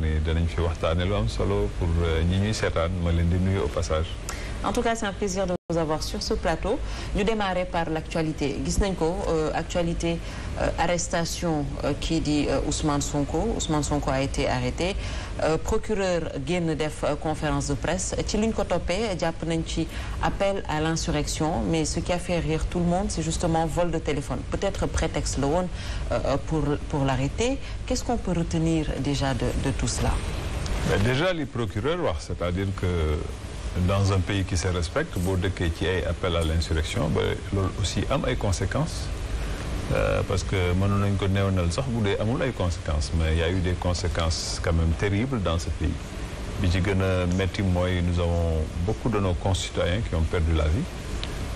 ni danañ fi waxtaane lu am solo pour eh, ñi ñuy seetaan ma leen di nuyu au passage en tout cas c'est un plaisir de vous avoir sur ce plateau ñu démarrer par l'actualité gis nañ ko euh, actualité euh, arrestation euh, kii di Ousmane Sonko Ousmane Sonko a été arrêté procureur génn def conférence de presse ci liñ ko toppee jàpp nañ ci appel à l'insurrection mais ce qui a fait rire tout le monde c'est justement vol de téléphone peut-être prétexte la woon pour pour l'arrêter qu'est-ce qu'on peut retenir déjà de de tout cela mais déjà li procureur wax c'est-à-dire que dans un pays qui se respecte boo dëkkee ci ay appel à l'insurrection ba loolu aussi am ay conséquences euh, parce que mënoon nañ ko néewnal sax bu dee amul ay conséquence mais il y a eu des conséquences quand même terribles dans ce pays bi ci gën a métti mooy nous avons beaucoup de nos concitoyens qui ont perdu la vie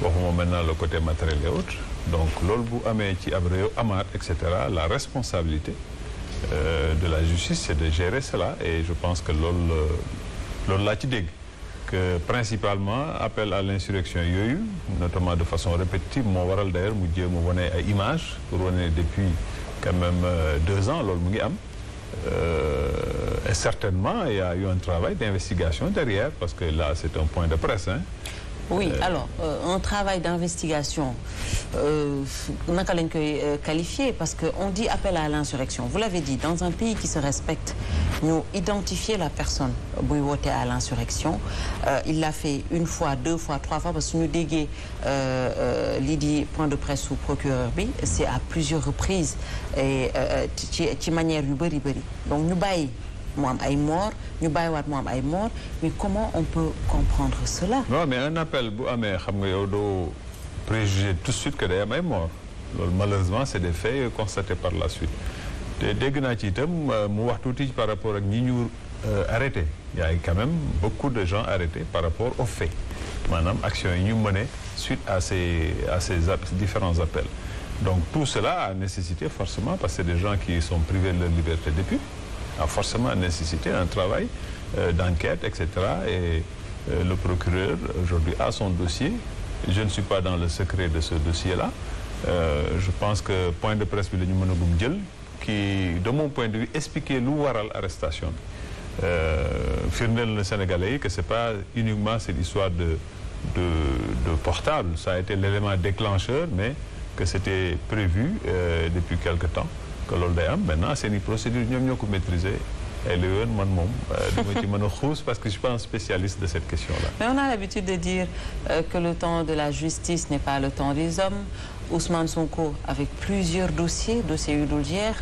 waxuma maintenant côté matériel et donc loolu bu amee ci ab réew amaat et cetera la responsabilité euh, de la justice c'est de gérer cela et je pense que loolu loolu laa ci dégg que euh, principalement appel à l'insurrection yooyu notamment de façon répétitive moo waral d'ailleurs mu jéem a wane ay image pour wane depuis quand même euh, deux ans loolu mu ngi am euh, et certainement il y a eu un travail d'investigation derrière parce que là c'est un point de presse hein oui euh, alors euh, un travail d'investigation euh, naka lañ koy euh, qualifier parce que on dit appel à l'insurrection vous l'avez dit dans un pays qui se respecte ñu identifier la personne buy woote à l'insurrection euh, il l'a fait une fois deux fois trois fois parce que suñu déggee lii di point de presse su procureur bi c'est à plusieurs reprises et ci ci manière yu bëri bëri donc ñu bàyyi mu am ay mort ñu bàyyiwaat mu am ay mort mais comment on peut comprendre cela. non mais un appel bu amee xam nga yow doo préjuger tout de suite que day am ay mort loolu malheureusement c'est des faits constatés par la suite te dégg naa ci itam euh, mu wax tuuti par rapport ak ñi ñu euh, arrêté y a quand même beaucoup de gens arrêtés par rapport aux faits maanaam action yi ñu mené suite à ces à ces différents appels donc tout cela a nécessité forcément parce que des gens qui sont privés de leur liberté depuis a forcément nécessité un travail euh, d'enquête, etc. Et euh, le procureur, aujourd'hui, a son dossier. Je ne suis pas dans le secret de ce dossier-là. Euh, je pense que point de presse bi la ñu mën a gum jël qui de mon point de vue expliquer lu waral arrestation bi euh, firndeel na Sénégalais yi que c'est pas uniquement cette histoire de de de portable ça a été l'élément déclencheur mais que c'était prévu euh, depuis quelque temps que loolu day am maintenant seen i procédure ñoom ñoo ko maîtriser ay la yoon man moom euh, dama ci mën a xuus parce que je suis pas un spécialiste de cette question là mais on a l'habitude de dire euh, que le temps de la justice n'est pas le temps des hommes Ousmane Sonko avec plusieurs dossiers de yu dul jeex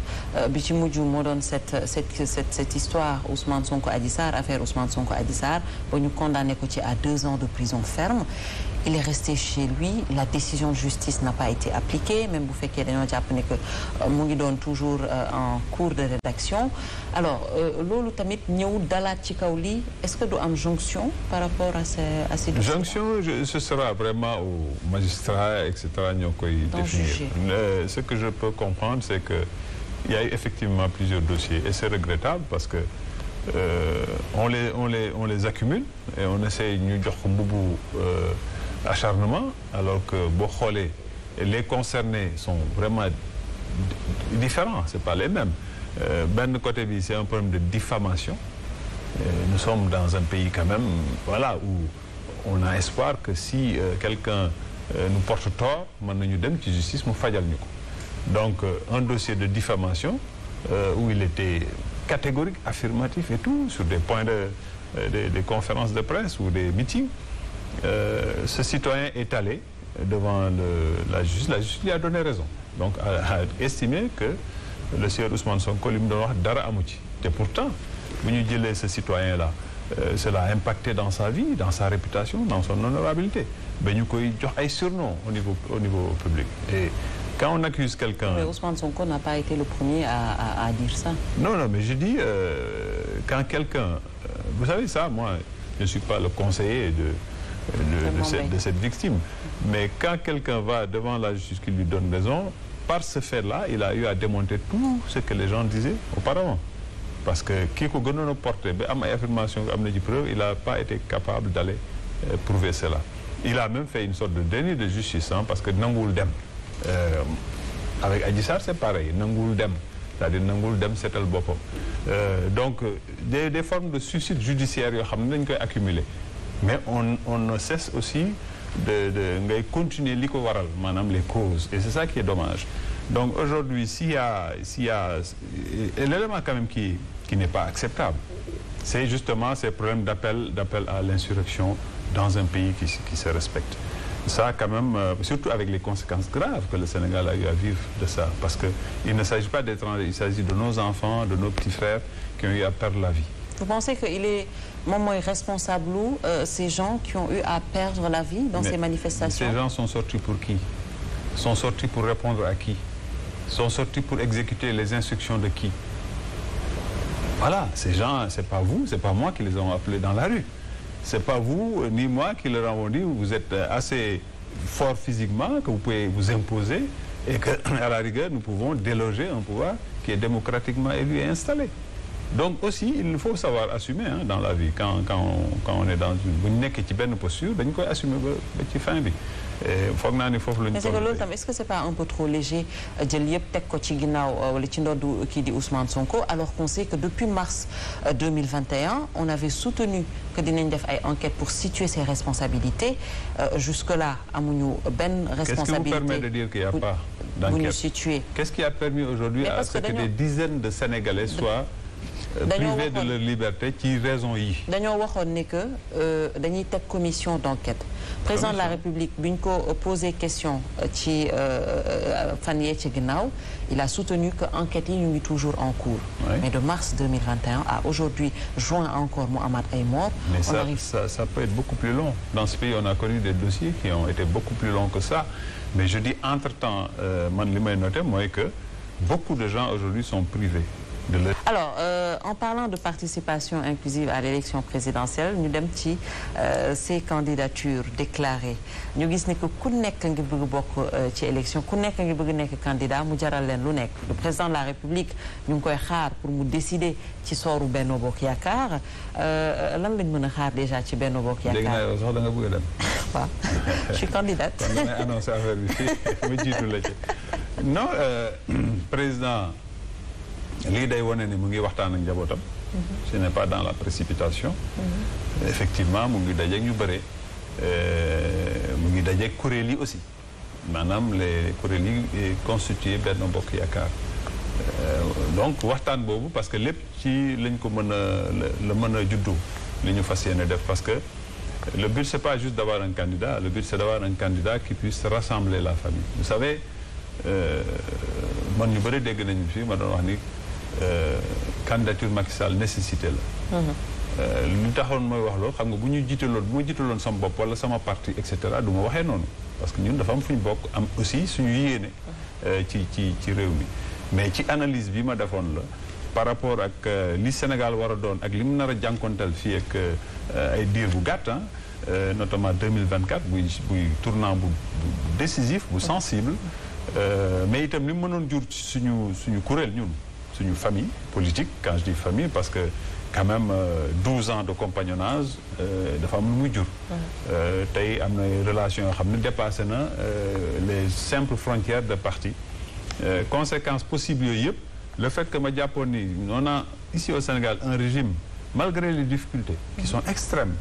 bi ci moo doon cette cette cette cette histoire Ousmane Sonko Adji Sarr affaire Ousmane Sonko Adji Sarr ba ñu condamné ko ci à deux ans de prison ferme il est resté chez lui la décision de justice n'a pas été appliquée même bu fekkee dañoo jàpp ne que euh, mu ngi doon toujours euh, en cours de rédaction alors euh, loolu tamit ñëw dalaat ci kaw lii est-ce que du am jonction par rapport à ces à ces dossiers vraiment au koy définir le, ce que je peux comprendre c'est que il y a effectivement plusieurs dossiers et c'est regrettable parce que euh, on les on les on les accumule et on essaie ñu jox ko mbubu euh, acharnement alors que boo xoolee les concernés sont vraiment différents c'est pas les mêmes euh, benn côté bi c'est un problème de diffamation et euh, nous sommes dans un pays quand même voilà où on a espoir que si euh, quelqu'un Euh, nu porte tort mën nañu dem ci justice mu fajal ñu ko donc euh, un dossier de diffamation euh, où il était catégorique affirmatif et tout sur des points de des, des conférences de presse ou des meetings euh, ce citoyen est allé devant le, la justice la justice lui a donné raison donc a, a estimé que le sieur Ousmane Sonko li mu doon dara amu ci te pourtant bu ñu jëlee ce citoyen là Euh, cela a impacté dans sa vie dans sa réputation dans son honorabilité ba ñu koy jox ay surnoms au niveau au niveau public et quand on accuse quelqu'un mais Ousmane Sonko n'a pas été le premier à, à, à dire ça non non mais je dis euh, quand quelqu'un euh, vous savez ça moi je ne suis pas le conseiller de de, de, de, cette, de cette victime mais quand quelqu'un va devant la justice qui lui donne raison par ce fait-là il a eu à démonter tout ce que les gens disaient auparavant parce que kii ko gënoon a porté ba am ay affirmation am na ci preuve il a pas été capable d'aller euh, prouver cela il a même fait une sorte de déni de justice hein, parce que nanguwul dem euh, avec aji Sarr c'est pareil nanguwul dem c'est-à-dire nangul dem seetal boppam euh, donc des des formes de suicide judiciaire yoo xam ne dañ koy accumuler mais on on ne cesse aussi de de ngay continuer li ko waral maanaam les causes et c'est ça qui est dommage donc aujourd'hui s'il y a s'il y qui n'est pas acceptable. C'est justement ces problèmes d'appel d'appel à l'insurrection dans un pays qui, qui se respecte. Ça, quand même, euh, surtout avec les conséquences graves que le Sénégal a eu à vivre de ça. Parce qu'il ne s'agit pas d'étrangers, il s'agit de nos enfants, de nos petits frères qui ont eu à perdre la vie. Vous pensez qu'il est moment responsable ou euh, ces gens qui ont eu à perdre la vie dans Mais ces manifestations Ces gens sont sortis pour qui Sont sortis pour répondre à qui Sont sortis pour exécuter les instructions de qui voilà, ces gens, c'est pas vous, c'est pas moi qui les ont appelés dans la rue. C'est pas vous euh, ni moi qui leur avons dit vous êtes euh, assez fort physiquement, que vous pouvez vous imposer et que, à la rigueur, nous pouvons déloger un pouvoir qui est démocratiquement élu et installé. donc aussi il faut savoir assumer hein, dans la vie quand quand on, quand on est dans une bu ñu nekkee ci benn posture dañu koy assumer ba ba ci fin bi foog naa ne foofu la ñu. ko loolu tam est-ce que c'est pas un peu trop léger euh, jël yëpp teg ko ci ginnaaw euh, wala ci ndoddu kii di Ousmane Sonko alors qu'on sait que depuis mars 2021 euh, on avait soutenu que dinañ def ay enquêtes pour situer ses responsabilités jusque-là amuñu benn. responsabilité qu'est-ce qui vous permet de dire qu'il n'y a pas d'enquête? Qu'est-ce qui a permis aujourd'hui à ce que des dizaines de Sénégalais soient. Euh, privés de leur liberté ci raison yi. dañoo waxoon ni que euh, dañuy teg commission d'enquête président de la république bi ñu ko euh, posé question ci fan yee ci ginnaaw il a soutenu que enquêtes yi ñu ngi toujours en cours. Oui. mais de mars 2021 à aujourd'hui juin encore mu amaat ay morts. mais ça, arrive... ça ça peut être beaucoup plus long. dans ce pays on a connu des dossiers qui ont été beaucoup plus longs que ça mais je dis entre temps euh, man li may noter mooy que beaucoup de gens aujourd'hui sont privés. alors euh, en parlant de participation inclusive à l'élection présidentielle ñu dem ci euh, ces candidatures déclarées ñu gis ne que ku nekk ngi bëgg bokk euh, ci élection ku nekk ngi bëgg nekk candidat mu jaral leen lu nekk le président de la république ñu ngi koy xaar pour mu décider ci sooru Benno Bokk Yaakaar euh, lan lañ mën a xaar déjà ci Benno Bokk Yaakaar. dégg naa yow sax da nga bëgg a dem. waaw je suis candidate. kon damay annoncé affaire bi fii ma jiitu la ci non président. lii day wane ni mu ngi waxtaan ak njabootam. Mhm. ce n'est pas dans la précipitation. Mhm. effectivement mu ngi dajeeg ñu bëree euh, mu ngi dajeeg kuréel yi aussi maanaam les kuréel yi euh, constitué Benno Bokk Yaakaar euh, donc waxtaan boobu parce que lépp ci lañ ko mën a la mën a juddu li ñu fas yéene def parce que le but c'est pas juste d'avoir un candidat le but c'est d'avoir un candidat qui puisse rassembler la famille vous savez man ñu bëri dégg nañu fi ma doon wax ni. Euh, candidature Macky Sall nécessité la. Mm-hmm. Euh, lu taxoon mooy wax loolu xam nga bu ñu jiitaloon bu ma jiitaloon sama bopp wala sama parti et cetera du waxee noonu parce que ñun dafa am fu ñu bokk am aussi suñu yéene. Mm-hmm. Euh, ci ci ci réew mi mais ci analyse bi ma defoon la. par rapport ak li Sénégal war a doon ak li mu nar a jànkonteel fii ak ay diir bu gàtt notamment 2024 buy buy tournant bu décisif bu mm-hmm. sensible mais itam li mu mënoon jur ci suñu suñu kuréel ñun. suñu famille politique quand je famille parce que quand même euh, douze ans de compagnonnage euh, dafa am lu muy jur euh, tey am na relations yoo xam ne dépassé na les simples frontières de parti conséquence possibles yooyu yëpp le fait que ma jàppoon ni on a ici au Sénégal un régime malgré les difficultés qui mm-hmm. sont extrêmes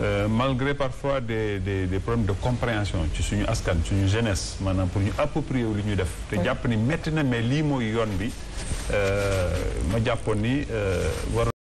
Euh, malgré parfois des des des problèmes de compréhension ci suñu askan suñu jeunesse maanaam pour ñu approprier wu li ñu def. te jàpp ni métti na mais lii mooy yoon bi euh, ma jàppoon ni euh, war.